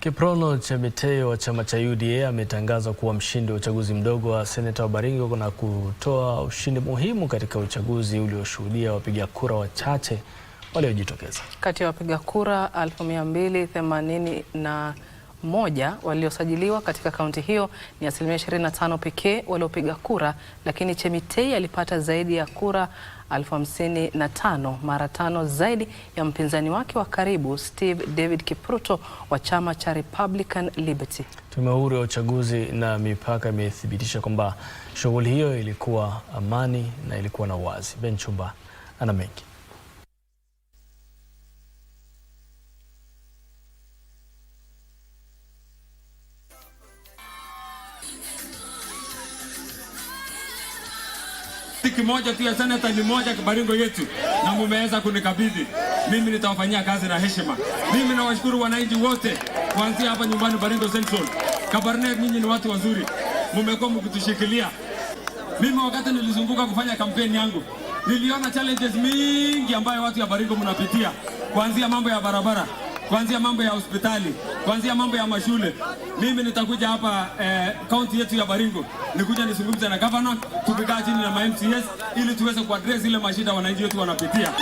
Kiprono Chemitei wa chama cha UDA ametangazwa kuwa mshindi wa uchaguzi mdogo wa seneta wa Baringo na kutoa ushindi muhimu katika uchaguzi ulioshuhudia wapiga kura wachache waliojitokeza. Kati ya wapiga kura 2280 na moja waliosajiliwa katika kaunti hiyo ni asilimia 25 pekee waliopiga kura, lakini Chemitei alipata zaidi ya kura elfu hamsini na tano mara tano zaidi ya mpinzani wake wa karibu Steve David Kipruto wa chama cha Republican Liberty. Tume Huru ya Uchaguzi na Mipaka imethibitisha kwamba shughuli hiyo ilikuwa amani na ilikuwa na uwazi. Ben Chumba ana mengi. Stiki moja tu ya seneta ni moja Baringo yetu, na mumeweza kunikabidhi mimi, nitawafanyia kazi na heshima. Mimi nawashukuru wananchi wote kuanzia hapa nyumbani Baringo Central. Kabarnet, nyinyi ni watu wazuri, mumekuwa mkitushikilia. Mimi wakati nilizunguka kufanya kampeni yangu niliona challenges mingi ambayo watu ya Baringo mnapitia, kuanzia mambo ya barabara, kuanzia mambo ya hospitali Kwanzia mambo ya mashule, mimi nitakuja hapa eh, kaunti yetu ya Baringo, nikuja nizungumze na governor, tukikaa chini na ma MCS ili tuweze kuaddress ile mashida wananchi wetu wanapitia.